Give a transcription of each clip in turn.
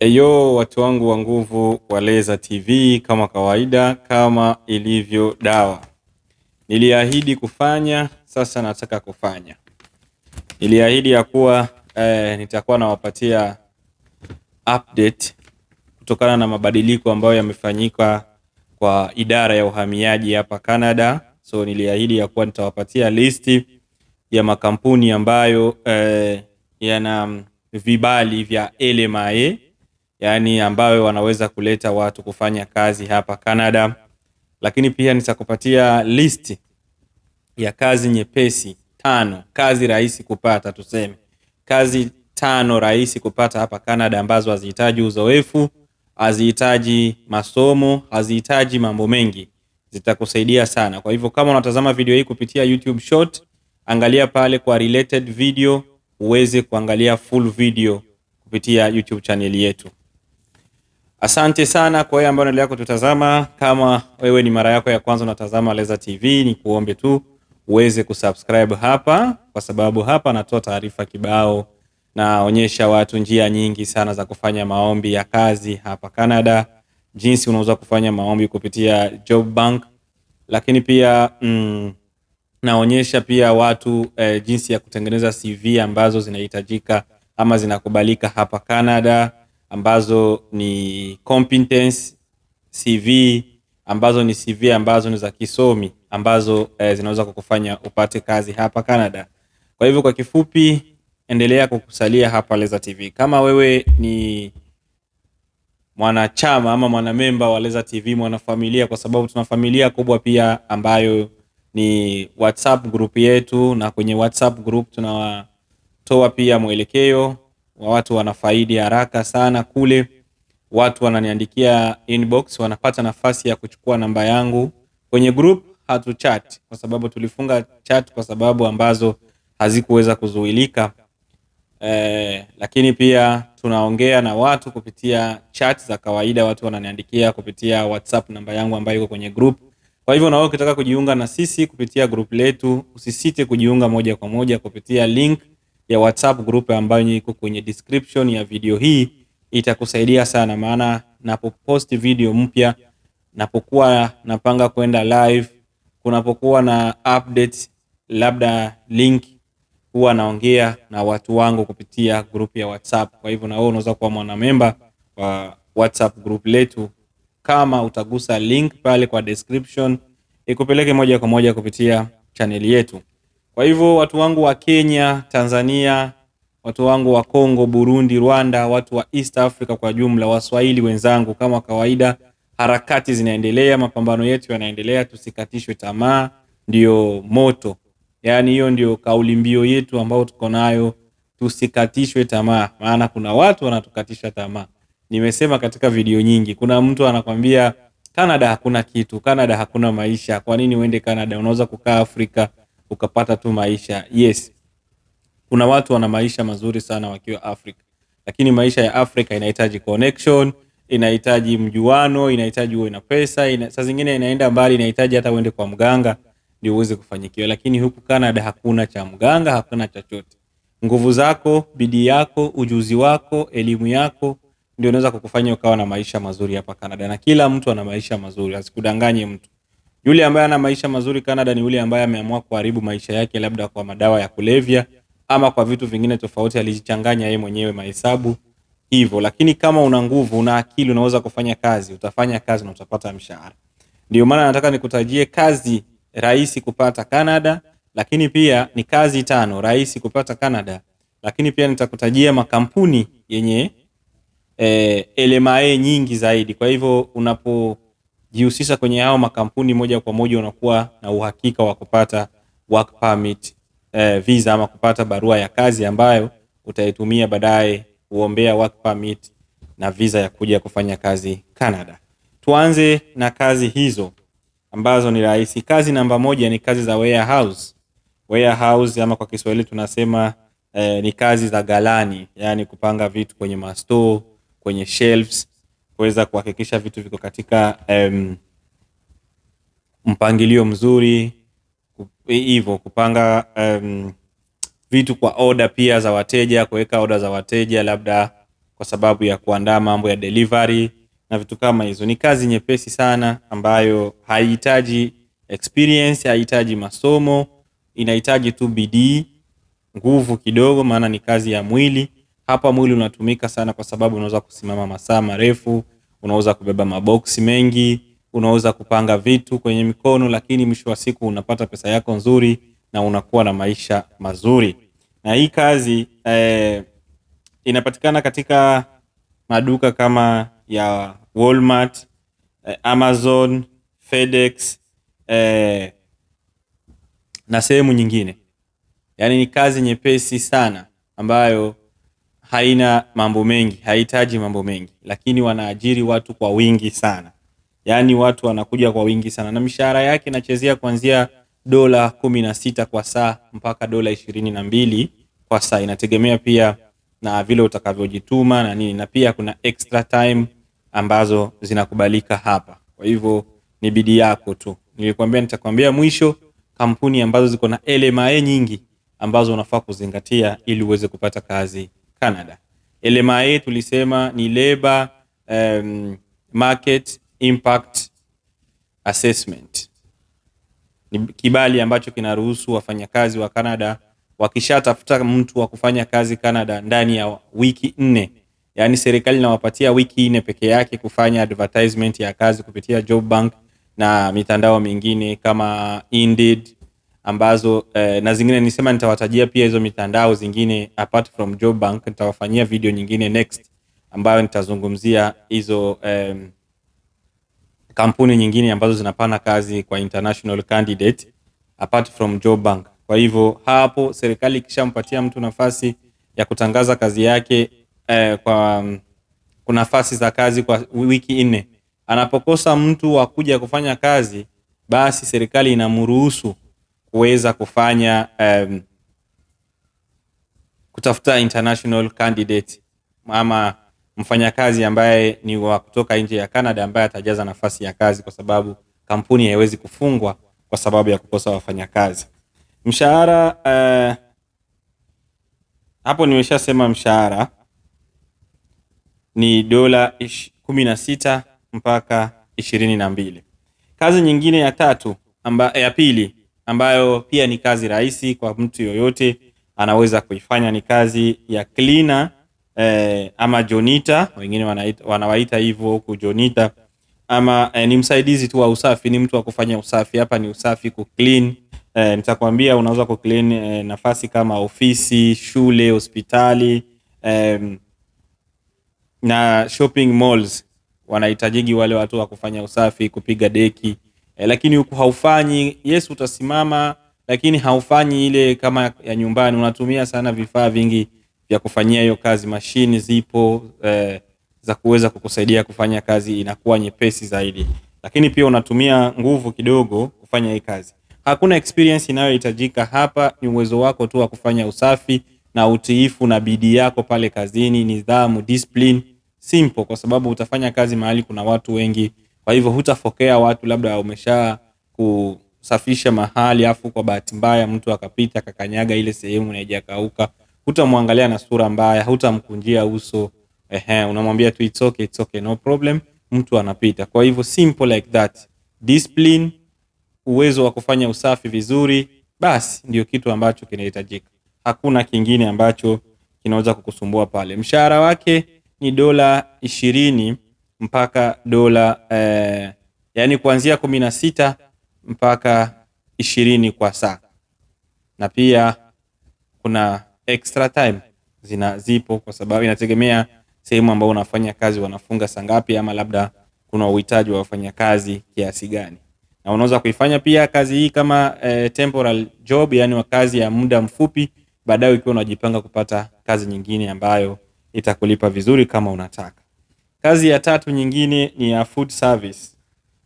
Eyo watu wangu wa nguvu wa Leza TV, kama kawaida, kama ilivyo dawa, niliahidi kufanya, sasa nataka kufanya. Niliahidi ya kuwa eh, nitakuwa nawapatia update kutokana na mabadiliko ambayo yamefanyika kwa idara ya uhamiaji hapa Canada. So niliahidi ya kuwa nitawapatia listi ya makampuni ambayo eh, yana vibali vya LMIA e yani ambayo wanaweza kuleta watu kufanya kazi hapa Canada, lakini pia nitakupatia list ya kazi nyepesi tano, kazi rahisi kupata, tuseme kazi tano rahisi kupata hapa Canada ambazo hazihitaji uzoefu, hazihitaji masomo, hazihitaji mambo mengi, zitakusaidia sana. Kwa hivyo kama unatazama video hii kupitia YouTube short, angalia pale kwa related video uweze kuangalia full video kupitia YouTube channel yetu. Asante sana kwa wewe ambaye unaendelea kututazama. Kama wewe ni mara yako ya kwanza unatazama Leza TV, ni kuombe tu uweze kusubscribe hapa, kwa sababu hapa natoa taarifa kibao, naonyesha watu njia nyingi sana za kufanya maombi ya kazi hapa Canada, jinsi unaweza kufanya maombi kupitia Job Bank, lakini pia mm, naonyesha pia watu eh, jinsi ya kutengeneza CV ambazo zinahitajika ama zinakubalika hapa Canada ambazo ni competence CV ambazo ni CV ambazo ni za kisomi ambazo eh, zinaweza kukufanya upate kazi hapa Canada. Kwa hivyo kwa kifupi, endelea kukusalia hapa Leza TV. Kama wewe ni mwanachama ama mwanamemba wa Leza TV, mwanafamilia, kwa sababu tuna familia kubwa pia ambayo ni WhatsApp group yetu, na kwenye WhatsApp group tunawatoa pia mwelekeo watu wanafaidi haraka sana kule. Watu wananiandikia inbox, wanapata nafasi ya kuchukua namba yangu. Kwenye group hatu chat kwa sababu tulifunga chat kwa sababu ambazo hazikuweza kuzuilika. Eh, lakini pia tunaongea na watu kupitia chat za kawaida. Watu wananiandikia kupitia WhatsApp namba yangu ambayo iko kwenye group. Kwa hivyo na wewe ukitaka kujiunga na sisi kupitia group letu, usisite kujiunga moja kwa moja kupitia link ya WhatsApp group ambayo iko kwenye description ya video hii itakusaidia sana, maana napopost video mpya, napokuwa napanga kwenda live, kunapokuwa na update labda link, huwa naongea na watu wangu kupitia group ya WhatsApp. Kwa hivyo na wewe unaweza kuwa mwanamemba wa WhatsApp group letu kama utagusa link pale kwa description ikupeleke moja kwa moja kupitia chaneli yetu. Kwa hivyo watu wangu wa Kenya, Tanzania, watu wangu wa Kongo, Burundi, Rwanda, watu wa East Africa kwa jumla, Waswahili wenzangu, kama kawaida, harakati zinaendelea, mapambano yetu yanaendelea, tusikatishwe tamaa, ndio moto. Yaani hiyo ndio kauli mbio yetu ambayo tuko nayo, tusikatishwe tamaa, maana kuna watu wanatukatisha tamaa. Nimesema katika video nyingi, kuna mtu anakwambia Canada hakuna kitu, Canada hakuna maisha. Kwa nini uende Canada? Unaweza kukaa Afrika ukapata tu maisha. Yes, kuna watu wana maisha mazuri sana wakiwa Afrika, lakini maisha ya Afrika inahitaji connection, inahitaji mjuano, inahitaji uwe na pesa ina, saa zingine inaenda mbali, inahitaji hata uende kwa mganga ndio uweze kufanyikiwa. Lakini huku Canada hakuna cha mganga, hakuna chochote. Nguvu zako, bidii yako, ujuzi wako, elimu yako ndio unaweza kukufanya ukawa na maisha mazuri hapa Canada, na kila mtu ana maisha mazuri, asikudanganye mtu. Yule ambaye ana maisha mazuri Canada ni yule ambaye ameamua kuharibu maisha yake, labda kwa madawa ya kulevya ama kwa vitu vingine tofauti, alijichanganya yeye mwenyewe mahesabu hivyo. Lakini kama una nguvu, una akili, unaweza kufanya kazi, utafanya kazi na utapata mshahara. Ndio maana nataka nikutajie kazi rahisi kupata Canada, lakini pia ni kazi tano rahisi kupata Canada, lakini pia nitakutajia makampuni yenye eh, LMA nyingi zaidi. Kwa hivyo unapo jihusisha kwenye hao makampuni moja kwa moja, unakuwa na uhakika wa kupata work permit eh, visa ama kupata barua ya kazi ambayo utaitumia baadaye kuombea work permit na visa ya kuja kufanya kazi Canada. Tuanze na kazi hizo ambazo ni rahisi. Kazi namba moja ni kazi za warehouse. Warehouse ama kwa Kiswahili tunasema eh, ni kazi za galani, yani kupanga vitu kwenye masto, kwenye shelves kuweza kuhakikisha vitu viko katika um, mpangilio mzuri hivyo kupanga um, vitu kwa oda pia za wateja, kuweka oda za wateja labda kwa sababu ya kuandaa mambo ya delivery na vitu kama hizo. Ni kazi nyepesi sana ambayo haihitaji experience, haihitaji masomo, inahitaji tu bidii, nguvu kidogo, maana ni kazi ya mwili hapa mwili unatumika sana kwa sababu unaweza kusimama masaa marefu, unaweza kubeba maboksi mengi, unaweza kupanga vitu kwenye mikono, lakini mwisho wa siku unapata pesa yako nzuri na unakuwa na maisha mazuri. Na hii kazi eh, inapatikana katika maduka kama ya Walmart, eh, Amazon, FedEx eh, na sehemu nyingine. Yaani ni kazi nyepesi sana ambayo haina mambo mengi, haihitaji mambo mengi, lakini wanaajiri watu kwa wingi sana. Yaani watu wanakuja kwa wingi sana, na mishahara yake inachezea kuanzia dola kumi na sita kwa saa mpaka dola ishirini na mbili kwa saa, inategemea pia na vile utakavyojituma na nini, na pia kuna extra time ambazo zinakubalika hapa. Kwa hivyo ni bidii yako tu. Nilikwambia nitakwambia mwisho kampuni ambazo ziko na LMA nyingi ambazo unafaa kuzingatia ili uweze kupata kazi Canada. LMA e tulisema ni labor um, market impact assessment. Ni kibali ambacho kinaruhusu wafanyakazi wa Canada wakishatafuta mtu wa kufanya kazi Canada ndani ya wiki nne, yaani serikali inawapatia wiki nne peke yake kufanya advertisement ya kazi kupitia Job Bank na mitandao mingine kama Indeed ambazo eh, na zingine nisema nitawatajia pia hizo mitandao zingine apart from Job Bank, nitawafanyia video nyingine next ambayo nitazungumzia hizo eh, kampuni nyingine ambazo zinapana kazi kwa international candidate apart from Job Bank. Kwa hivyo hapo serikali ikishampatia mtu nafasi ya kutangaza kazi yake eh, kwa kuna nafasi za kazi kwa wiki nne, anapokosa mtu wa kuja kufanya kazi, basi serikali inamruhusu kuweza kufanya um, kutafuta international candidate ama mfanyakazi ambaye ni wa kutoka nje ya Canada ambaye atajaza nafasi ya kazi, kwa sababu kampuni haiwezi kufungwa kwa sababu ya kukosa wafanyakazi. Mshahara uh, hapo nimeshasema mshahara ni dola kumi na sita mpaka ishirini na mbili. Kazi nyingine ya tatu amba, ya pili ambayo pia ni kazi rahisi kwa mtu yoyote anaweza kuifanya. Ni kazi ya cleaner eh, ama jonita, wengine wanawaita hivyo huku jonita ama eh, ni msaidizi tu wa usafi, ni mtu wa kufanya usafi. Hapa ni usafi ku clean eh, nitakwambia unaweza ku clean eh, nafasi kama ofisi, shule, hospitali eh, na shopping malls. Wanahitajiki wale watu wa kufanya usafi, kupiga deki e, lakini huku haufanyi Yesu utasimama lakini haufanyi ile kama ya nyumbani, unatumia sana vifaa vingi vya kufanyia hiyo kazi. Mashini zipo e, za kuweza kukusaidia kufanya kazi inakuwa nyepesi zaidi, lakini pia unatumia nguvu kidogo kufanya hii kazi. Hakuna experience inayohitajika hapa, ni uwezo wako tu wa kufanya usafi na utiifu na bidii yako pale kazini, nidhamu, discipline, simple, kwa sababu utafanya kazi mahali kuna watu wengi. Kwa hivyo hutafokea watu, labda umesha kusafisha mahali afu kwa bahati mbaya mtu akapita akakanyaga ile sehemu na haijakauka, hutamwangalia na sura mbaya, hutamkunjia uso. Ehe, unamwambia tu it's okay, it's okay, no problem. Mtu anapita. Kwa hivyo simple like that, discipline, uwezo wa kufanya usafi vizuri, basi ndio kitu ambacho kinahitajika. Hakuna kingine ambacho kinaweza kukusumbua pale. Mshahara wake ni dola ishirini mpaka dola eh, yani kuanzia kumi na sita mpaka ishirini kwa saa, na pia kuna extra time zina zipo, kwa sababu inategemea sehemu ambayo unafanya kazi wanafunga saa ngapi, ama labda kuna uhitaji wa wafanyakazi kiasi gani, na unaweza kuifanya pia kazi hii kama eh, temporal job, yani wa kazi ya muda mfupi, baadaye ukiwa unajipanga kupata kazi nyingine ambayo itakulipa vizuri kama unataka. Kazi ya tatu nyingine ni ya food service.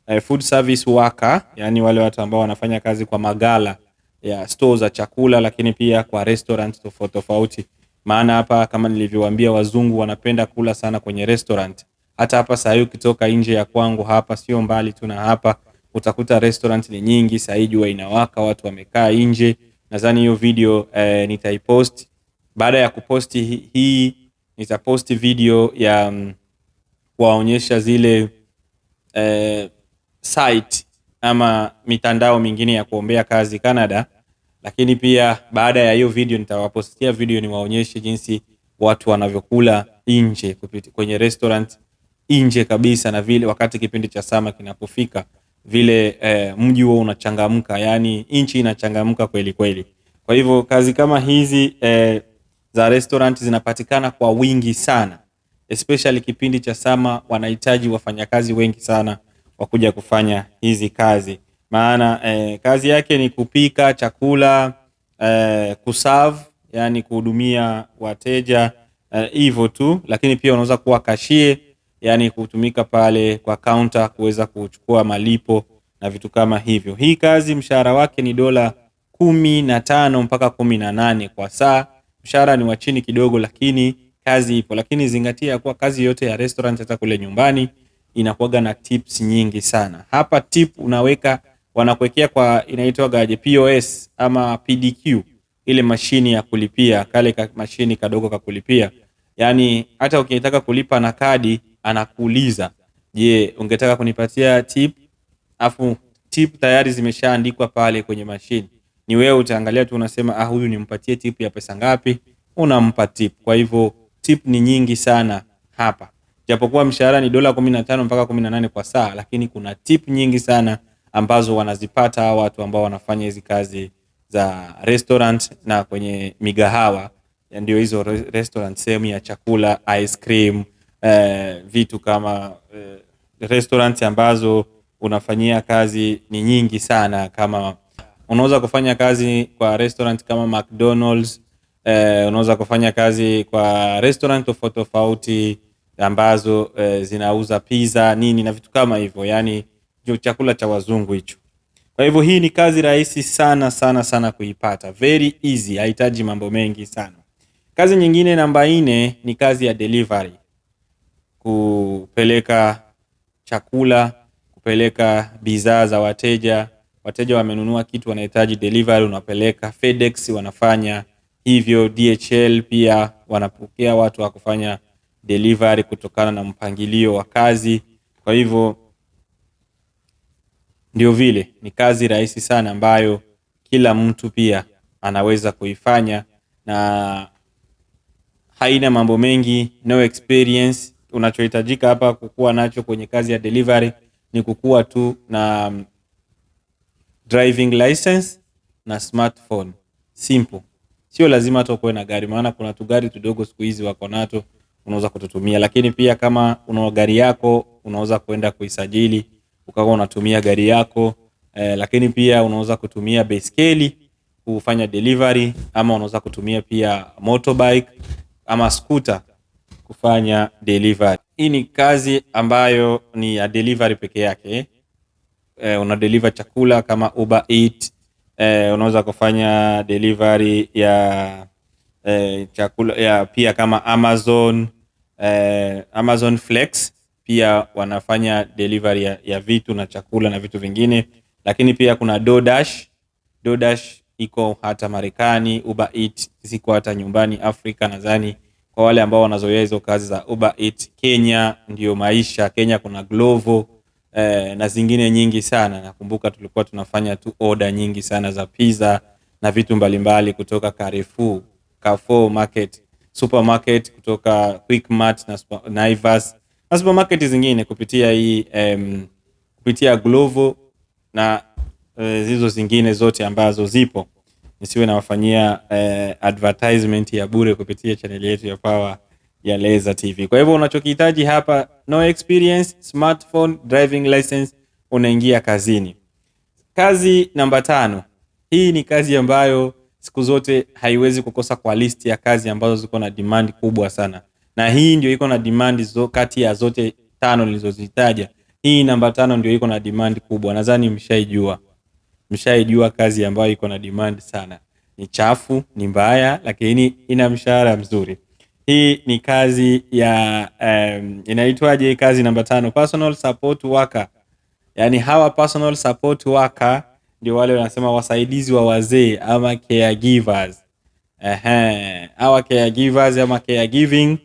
Uh, food service worker, yani wale watu ambao wanafanya kazi kwa magala ya store za chakula, lakini pia kwa restaurant tofauti tofauti. Maana hapa kama nilivyowaambia, wazungu wanapenda kula sana kwenye restaurant. Hata hapa saa hii ukitoka nje ya kwangu hapa, sio mbali tu na hapa, utakuta restaurant ni nyingi. Saa hii jua inawaka, watu wamekaa nje. Nadhani hiyo video eh, nitaipost. Baada ya kuposti hii nitaposti video ya um, kuwaonyesha zile eh, site ama mitandao mingine ya kuombea kazi Canada, lakini pia baada ya hiyo video nitawapostia video niwaonyeshe jinsi watu wanavyokula nje kwenye restaurant nje kabisa, na vile wakati kipindi cha sama kinapofika vile eh, mji huo unachangamka, yani nchi inachangamka kweli kweli. Kwa hivyo kazi kama hizi eh, za restaurant zinapatikana kwa wingi sana especially kipindi cha sama, wanahitaji wafanyakazi wengi sana wa kuja kufanya hizi kazi, maana eh, kazi yake ni kupika chakula eh, kusave, yani kuhudumia wateja eh, hivyo eh, tu, lakini pia unaweza kuwa kashie, yani kutumika pale kwa kaunta kuweza kuchukua malipo na vitu kama hivyo. Hii kazi mshahara wake ni dola kumi na tano mpaka kumi na nane kwa saa. Mshahara ni wa chini kidogo, lakini kazi ipo, lakini zingatia kuwa kazi yote ya restaurant hata kule nyumbani inakuwaga na tips nyingi sana. Hapa tip unaweka wanakuwekea kwa inaitwa gaje POS ama PDQ, ile mashini ya kulipia, kale ka mashini kadogo ka kulipia. Yani hata ukitaka kulipa na kadi anakuuliza, je, ungetaka kunipatia tip? Afu tip tayari zimeshaandikwa pale kwenye mashini, ni wewe utaangalia tu, unasema ah, huyu nimpatie tip ya pesa ngapi, unampa tip. Kwa hivyo tip ni nyingi sana hapa, japokuwa mshahara ni dola 15 mpaka 18 kwa saa, lakini kuna tip nyingi sana ambazo wanazipata hawa watu ambao wanafanya hizi kazi za restaurant na kwenye migahawa, ndio hizo restaurant, sehemu ya chakula, ice cream, eh, vitu kama eh, restaurant ambazo unafanyia kazi ni nyingi sana. Kama unaweza kufanya kazi kwa restaurant kama McDonald's eh, unaweza kufanya kazi kwa restaurant tofauti tofauti ambazo eh, zinauza pizza nini na vitu kama hivyo, yani chakula cha wazungu hicho. Kwa hivyo hii ni kazi rahisi sana sana sana kuipata, very easy, haihitaji mambo mengi sana. Kazi nyingine namba nne ni kazi ya delivery, kupeleka chakula, kupeleka bidhaa za wateja. Wateja wamenunua kitu, wanahitaji delivery, unapeleka. FedEx wanafanya Hivyo DHL pia wanapokea watu wa kufanya delivery kutokana na mpangilio wa kazi. Kwa hivyo ndio vile, ni kazi rahisi sana ambayo kila mtu pia anaweza kuifanya na haina mambo mengi, no experience. Unachohitajika hapa kukuwa nacho kwenye kazi ya delivery ni kukuwa tu na driving license na smartphone, simple sio lazima hata ukuwe na gari, maana kuna tu gari tudogo siku hizi wako nato, unaweza kututumia. Lakini pia kama una gari yako unaweza kwenda kuisajili ukawa unatumia gari yako eh, lakini pia unaweza kutumia baiskeli kufanya delivery ama unaweza kutumia pia motorbike ama scooter kufanya delivery. Hii ni kazi ambayo ni ya delivery peke yake eh, una deliver chakula kama Uber Eats, eh, unaweza kufanya delivery ya eh, chakula ya pia kama Amazon eh, Amazon Flex pia wanafanya delivery ya, ya vitu na chakula na vitu vingine, lakini pia kuna DoorDash. DoorDash iko hata Marekani, Uber Eats ziko hata nyumbani Afrika nadhani kwa wale ambao wanazoea hizo kazi za Uber Eats. Kenya ndiyo maisha. Kenya kuna Glovo eh, na zingine nyingi sana. Nakumbuka tulikuwa tunafanya tu oda nyingi sana za pizza na vitu mbalimbali kutoka Carrefour, Carrefour Market, supermarket kutoka Quickmart na Naivas na supermarket zingine kupitia hii um, kupitia Glovo na uh, eh, zizo zingine zote ambazo zipo. Nisiwe nawafanyia uh, advertisement ya bure kupitia chaneli yetu ya Pawa ya Leza TV. Kwa hivyo unachokihitaji hapa no experience, smartphone, driving license, unaingia kazini. Kazi namba tano. Hii ni kazi ambayo siku zote haiwezi kukosa kwa listi ya kazi ambazo ziko na demand kubwa sana, na hii ndio iko na demand zo kati ya zote tano nilizozitaja. Hii namba tano ndio iko na demand kubwa, nadhani mshaijua, mshaijua kazi ambayo iko na demand sana, ni chafu, ni mbaya, lakini ina mshahara mzuri. Hii ni kazi ya um, inaitwaje? Kazi namba tano, personal support worker. Yani hawa personal support worker ndio wale wanasema wasaidizi wa wazee ama caregivers. Ehe, hawa caregivers ama caregiving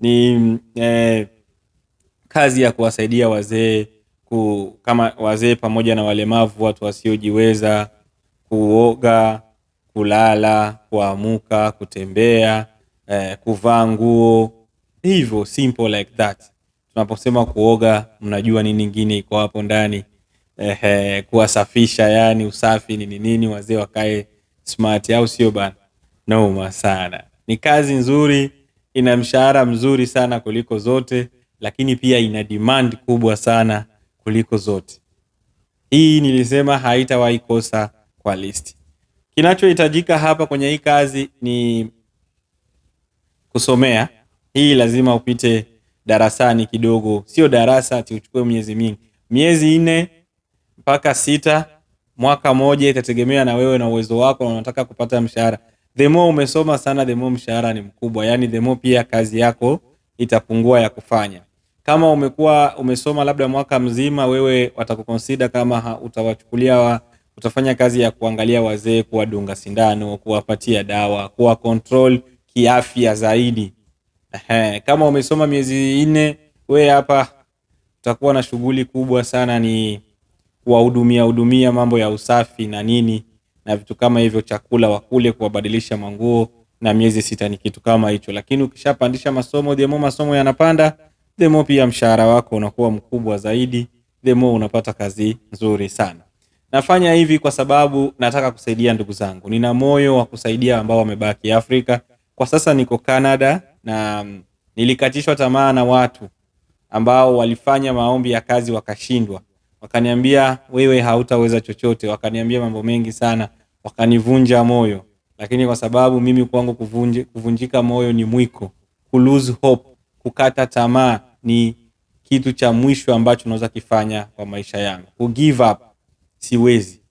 ni eh, kazi ya kuwasaidia wazee ku, kama wazee pamoja na walemavu, watu wasiojiweza, kuoga, kulala, kuamuka, kutembea eh, kuvaa nguo hivyo simple like that. Tunaposema kuoga, mnajua nini nyingine iko hapo ndani eh, eh, kuwasafisha yani usafi nini nini, wazee wakae smart, au sio bana? Noma sana, ni kazi nzuri, ina mshahara mzuri sana kuliko zote, lakini pia ina demand kubwa sana kuliko zote. Hii nilisema haitawahi kosa kwa listi. Kinachohitajika hapa kwenye hii kazi ni kusomea hii lazima upite darasani kidogo, sio darasa ati uchukue miezi mingi, miezi nne mpaka sita, mwaka moja, itategemea na wewe na uwezo wako na unataka kupata mshahara. The more umesoma sana, the more mshahara ni mkubwa, yani the more pia kazi yako itapungua ya kufanya. Kama umekuwa umesoma labda mwaka mzima, wewe watakuconsider kama utawachukulia wa, utafanya kazi ya kuangalia wazee, kuwadunga sindano, kuwapatia dawa, kuwa control kiafya zaidi. Ehe, kama umesoma miezi nne, we hapa utakuwa na shughuli kubwa sana, ni kuwahudumia hudumia mambo ya usafi na nini na vitu kama hivyo, chakula wakule, kuwabadilisha manguo na miezi sita ni kitu kama hicho. Lakini ukishapandisha masomo, demo masomo yanapanda, demo pia mshahara wako unakuwa mkubwa zaidi, demo unapata kazi nzuri sana. Nafanya hivi kwa sababu nataka kusaidia ndugu zangu, nina moyo wa kusaidia ambao wamebaki Afrika. Kwa sasa niko Canada na mm, nilikatishwa tamaa na watu ambao walifanya maombi ya kazi wakashindwa, wakaniambia wewe hautaweza chochote, wakaniambia mambo mengi sana, wakanivunja moyo. Lakini kwa sababu mimi kwangu kuvunji, kuvunjika moyo ni mwiko, ku lose hope, kukata tamaa ni kitu cha mwisho ambacho unaweza kifanya kwa maisha yangu. Ku give up siwezi,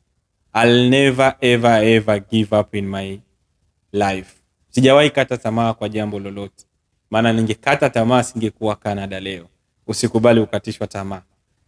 I'll never ever ever give up in my life. Sijawahi kata tamaa kwa jambo lolote, maana ningekata tamaa singekuwa Canada leo. Usikubali ukatishwa tamaa,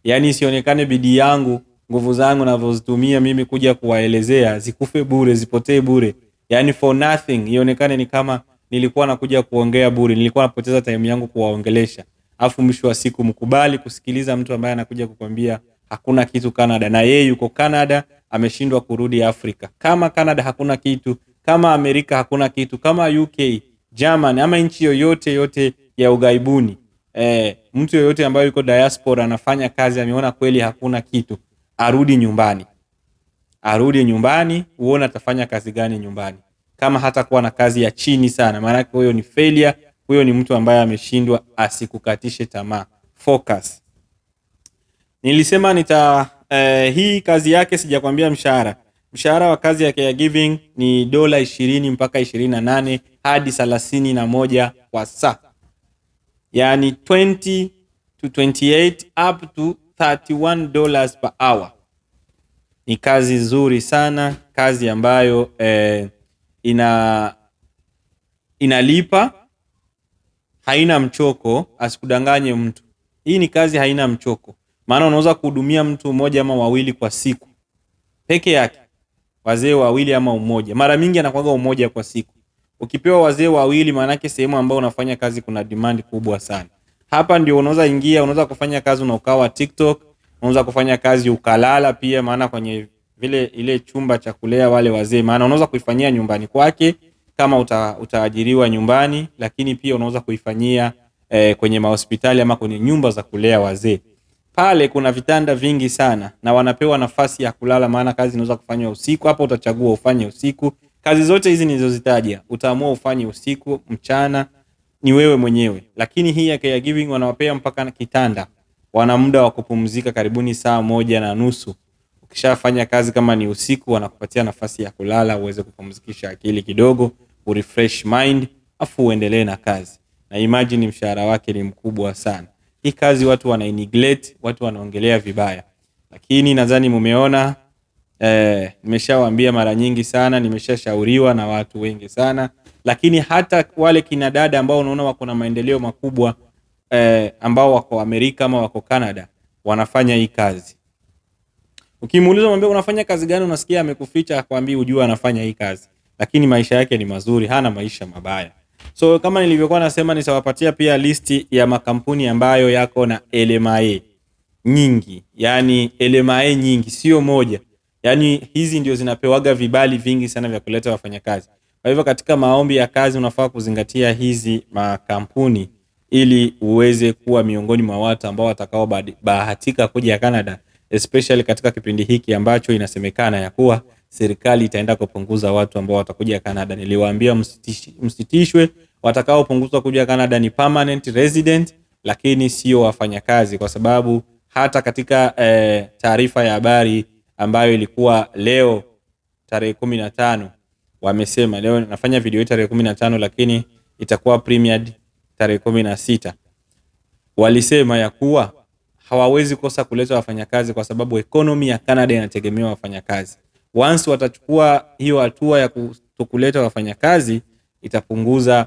yaani isionekane bidii yangu, nguvu zangu navyozitumia mimi kuja kuwaelezea zikufe bure, zipotee bure, yaani for nothing, ionekane ni kama nilikuwa nakuja kuongea bure, nilikuwa napoteza time yangu kuwaongelesha. Afu mwisho wa siku mkubali kusikiliza mtu ambaye anakuja kukwambia hakuna kitu Canada, na yeye yuko Canada ameshindwa kurudi Afrika. Kama Canada hakuna kitu kama Amerika hakuna kitu, kama UK, Germany ama nchi yoyote yote ya ugaibuni eh, mtu yoyote ambaye yuko diaspora anafanya kazi ameona kweli hakuna kitu, arudi nyumbani, arudi nyumbani, uone atafanya kazi gani nyumbani, kama hata kuwa na kazi ya chini sana, Maana yake huyo ni failure, huyo ni mtu ambaye ameshindwa. Asikukatishe tamaa, focus. Nilisema nita eh, hii kazi yake sijakwambia mshahara Mshahara wa kazi ya caregiving ni dola ishirini mpaka ishirini na nane hadi thelathini na moja kwa saa, yani 20 to 28 up to 31 dollars per hour. Ni kazi nzuri sana, kazi ambayo eh, ina inalipa, haina mchoko. Asikudanganye mtu, hii ni kazi haina mchoko, maana unaweza kuhudumia mtu mmoja ama wawili kwa siku peke yake wazee wawili ama umoja. Mara mingi anakuwaga umoja kwa siku. Ukipewa wazee wawili, maanake sehemu ambayo unafanya kazi kuna demand kubwa sana. Hapa ndio unaweza ingia, unaweza kufanya kazi na ukawa TikTok, unaweza kufanya kazi ukalala pia, maana kwenye vile ile chumba cha kulea wale wazee, maana unaweza kuifanyia nyumbani kwake kama uta, utaajiriwa nyumbani, lakini pia unaweza kuifanyia eh, kwenye mahospitali ama kwenye nyumba za kulea wazee pale kuna vitanda vingi sana na wanapewa nafasi ya kulala, maana kazi inaweza kufanywa usiku. Hapo utachagua ufanye usiku. Kazi zote hizi nilizozitaja utaamua ufanye usiku, mchana, ni wewe mwenyewe. Lakini hii ya caregiving wanawapea mpaka na kitanda, wana muda wa kupumzika karibuni saa moja na nusu. Ukishafanya kazi kama ni usiku, wanakupatia nafasi ya kulala uweze kupumzikisha akili kidogo, urefresh mind, afu uendelee na kazi, na imagine mshahara wake ni mkubwa sana hii kazi watu wana neglect, watu wanaongelea vibaya, lakini nadhani mumeona eh, nimeshawaambia mara nyingi sana, nimeshashauriwa na watu wengi sana, lakini hata wale kina dada ambao unaona wako na maendeleo makubwa eh, ambao wako Amerika ama wako Canada wanafanya hii kazi. Ukimuuliza mwambie unafanya kazi gani, unasikia amekuficha, akwambia ujua anafanya hii kazi, lakini maisha yake ni mazuri, hana maisha mabaya. So kama nilivyokuwa nasema, nitawapatia pia listi ya makampuni ambayo yako na LMA nyingi, yani LMA nyingi, sio moja. Yani hizi ndio zinapewaga vibali vingi sana vya kuleta wafanyakazi. Kwa hivyo katika maombi ya kazi unafaa kuzingatia hizi makampuni ili uweze kuwa miongoni mwa watu ambao bahatika kuja Canada, especially katika kipindi hiki ambacho inasemekana ya kuwa serikali itaenda kupunguza watu ambao watakuja Canada. Niliwaambia msitishwe watakaopunguzwa kuja Canada ni permanent resident, lakini sio wafanyakazi, kwa sababu hata katika e, taarifa ya habari ambayo ilikuwa leo tarehe kumi na tano wamesema leo nafanya video hii tarehe kumi na tano lakini itakuwa premiered tarehe kumi na sita walisema ya kuwa hawawezi kosa kuleta wafanyakazi kwa sababu ekonomi ya Canada inategemea wafanyakazi. Once watachukua hiyo hatua ya kutokuleta wafanyakazi itapunguza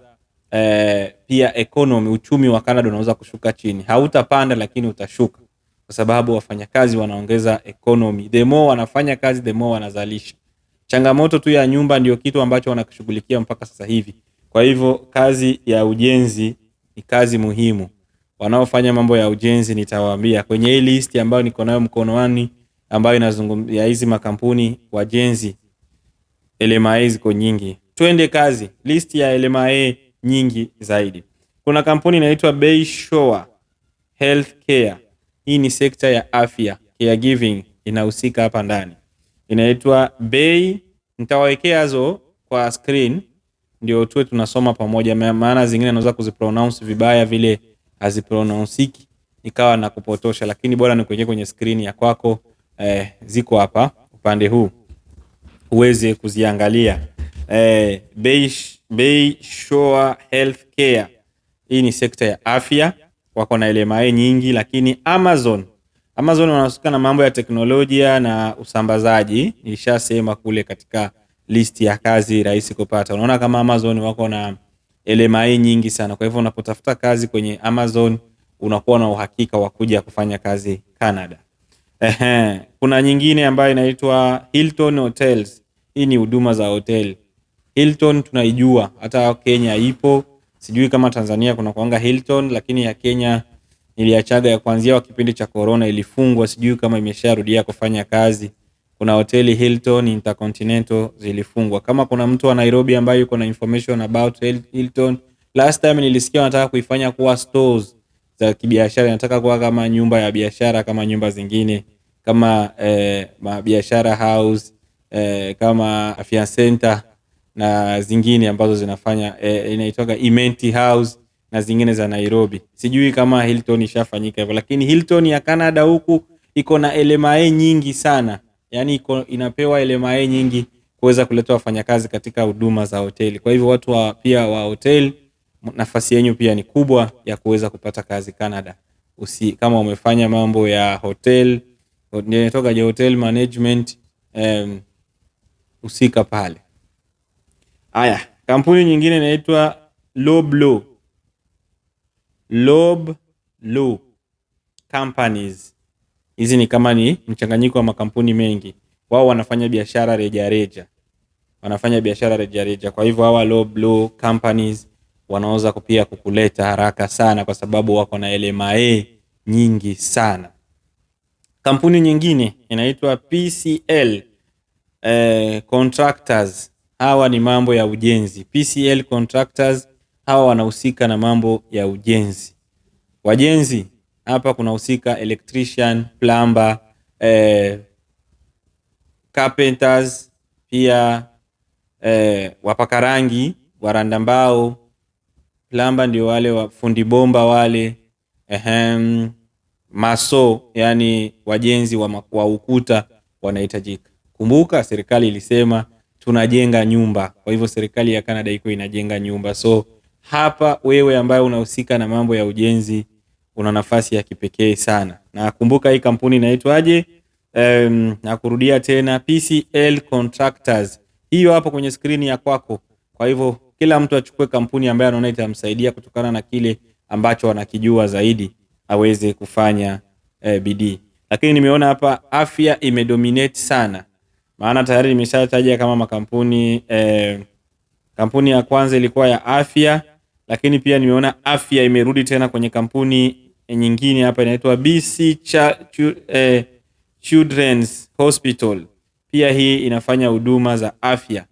eh, pia economy, uchumi wa Canada unaweza kushuka chini. Hautapanda lakini utashuka, kwa sababu wafanyakazi wanaongeza economy. The more wanafanya kazi, the more wanazalisha. Changamoto tu ya nyumba ndio kitu ambacho wanakishughulikia mpaka sasa hivi. Kwa hivyo kazi ya ujenzi ni kazi muhimu. Wanaofanya mambo ya ujenzi nitawaambia kwenye hii list ambayo niko nayo mkononi, ambayo inazungumzia hizi makampuni wajenzi. LMA ziko nyingi, twende kazi. List ya LMA nyingi zaidi. Kuna kampuni inaitwa Bayshore Healthcare. Hii ni sekta ya afya, caregiving inahusika hapa ndani. Inaitwa Bay, nitawawekea hizo kwa screen ndio tuwe tunasoma pamoja, maana zingine naweza kuzipronounce vibaya vile hazipronounceki nikawa na kupotosha, lakini bora nikuwekee kwenye screen ya kwako. Eh, ziko hapa upande huu uweze kuziangalia eh, Bayshore Bay Shore Healthcare. Hii ni sekta ya afya, wako na LMIA nyingi, lakini Amazon Amazon wanahusika na mambo ya teknolojia na usambazaji. Nilishasema kule katika listi ya kazi rahisi kupata. Unaona kama Amazon wako na LMA nyingi sana, kwa hivyo unapotafuta kazi kwenye Amazon unakuwa na uhakika wa kuja kufanya kazi Canada. Ehe, kuna nyingine ambayo inaitwa Hilton Hotels. Hii ni huduma za hoteli Hilton tunaijua hata Kenya ipo, sijui kama Tanzania kuna kuanga Hilton, lakini ya Kenya iliachaga ya kuanzia wa kipindi cha corona ilifungwa, sijui kama imesharudia kufanya kazi. Kuna hoteli Hilton, Intercontinental zilifungwa. Kama kuna mtu wa Nairobi ambaye yuko na information about Hilton, last time nilisikia wanataka kuifanya kuwa stores za kibiashara, nataka kuwa kama nyumba ya biashara kama nyumba zingine kama eh, biashara house eh, kama afya center na zingine ambazo zinafanya e, inaitwaga Imenti House na zingine za Nairobi. Sijui kama Hilton ishafanyika hivyo, lakini Hilton ya Canada huku iko na LMA e nyingi sana, yaani iko inapewa LMA e nyingi kuweza kuleta wafanyakazi katika huduma za hoteli. Kwa hivyo watu wa, pia wa hoteli, nafasi yenu pia ni kubwa ya kuweza kupata kazi Canada. Usi, kama umefanya mambo ya hotel, ndio hotel management, um, usika pale Haya, kampuni nyingine inaitwa Loblo. Loblo Companies. Hizi ni kama ni mchanganyiko wa makampuni mengi. Wao wanafanya biashara rejareja. Wanafanya biashara rejareja. Kwa hivyo hawa Loblo Companies wanaweza pia kukuleta haraka sana kwa sababu wako na LMA nyingi sana. Kampuni nyingine inaitwa PCL eh, Contractors hawa ni mambo ya ujenzi. PCL contractors hawa wanahusika na mambo ya ujenzi. Wajenzi hapa kunahusika electrician, plumber, eh, carpenters pia eh, wapaka rangi, waranda mbao. Plumber ndio wale wafundi bomba wale, ehem, maso yani wajenzi wa, wa ukuta wanahitajika. Kumbuka serikali ilisema tunajenga nyumba. Kwa hivyo serikali ya Canada iko inajenga nyumba, so hapa wewe ambaye unahusika na mambo ya ujenzi una nafasi ya kipekee sana, na kumbuka hii kampuni inaitwaje? Um, na kurudia tena PCL Contractors, hiyo hapo kwenye skrini ya kwako. Kwa hivyo kila mtu achukue kampuni ambayo anaona itamsaidia kutokana na kile ambacho wanakijua zaidi aweze kufanya eh, bidii. Lakini nimeona hapa afya imedominate sana maana tayari nimeshataja kama makampuni eh, kampuni ya kwanza ilikuwa ya afya, lakini pia nimeona afya imerudi tena kwenye kampuni nyingine hapa inaitwa BC Ch Ch eh, Children's Hospital. Pia hii inafanya huduma za afya,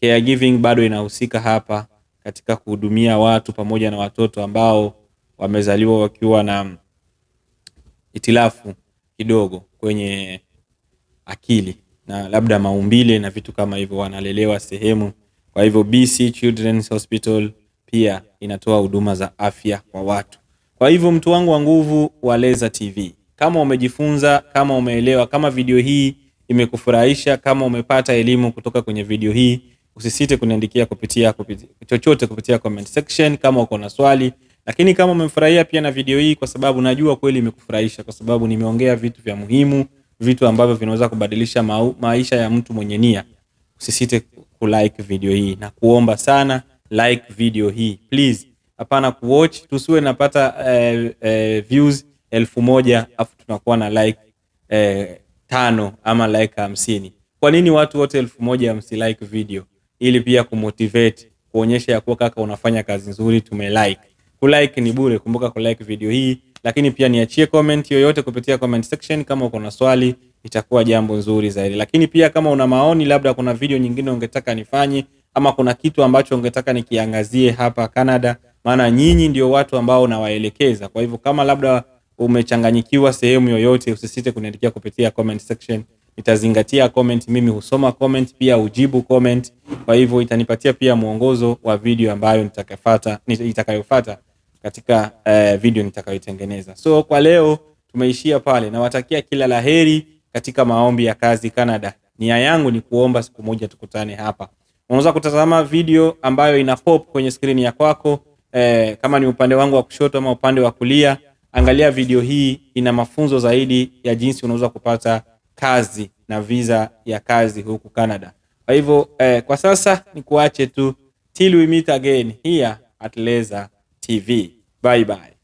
caregiving bado inahusika hapa katika kuhudumia watu pamoja na watoto ambao wamezaliwa wakiwa na itilafu kidogo kwenye akili na labda maumbile na vitu kama hivyo, wanalelewa sehemu. Kwa hivyo BC Children's Hospital pia inatoa huduma za afya kwa watu. Kwa hivyo mtu wangu wa nguvu wa Leza TV, kama umejifunza, kama umeelewa, kama video hii imekufurahisha, kama umepata elimu kutoka kwenye video hii, usisite kuniandikia kupitia, kupitia chochote kupitia comment section kama uko na swali lakini kama umemfurahia pia na video hii, kwa sababu najua kweli imekufurahisha, kwa sababu nimeongea vitu vya muhimu vitu ambavyo vinaweza kubadilisha mau, maisha ya mtu mwenye nia, usisite kulike video hii na kuomba sana like video hii please, hapana kuwatch. Tusiwe napata eh, eh, views elfu moja afu tunakuwa na like eh, tano ama like hamsini. Kwa nini watu wote elfu moja like video? Ili pia kumotivate, kuonyesha ya kuwa kaka unafanya kazi nzuri, tumelike. Kulike ni bure, kumbuka kulike video hii lakini pia niachie comment yoyote kupitia comment section. Kama uko na swali, itakuwa jambo nzuri zaidi. Lakini pia kama una maoni, labda kuna video nyingine ungetaka nifanye, ama kuna kitu ambacho ungetaka nikiangazie hapa Canada, maana nyinyi ndio watu ambao nawaelekeza. Kwa hivyo kama labda umechanganyikiwa sehemu yoyote, usisite kuniandikia kupitia comment section. Nitazingatia comment, mimi husoma comment pia ujibu comment. Kwa hivyo itanipatia pia mwongozo wa video ambayo nitakayofuata katika eh, video nitakayotengeneza. So kwa leo tumeishia pale. Nawatakia kila laheri katika maombi ya kazi Canada. Nia yangu ni kuomba siku moja tukutane hapa. Unaweza kutazama video ambayo ina pop kwenye skrini ya kwako eh, kama ni upande wangu wa kushoto ama upande wa kulia, angalia video hii, ina mafunzo zaidi ya jinsi unaweza kupata kazi na visa ya kazi huku Canada. Kwa hivyo eh, kwa sasa ni kuache tu till we meet again here at Leza TV. Bye bye.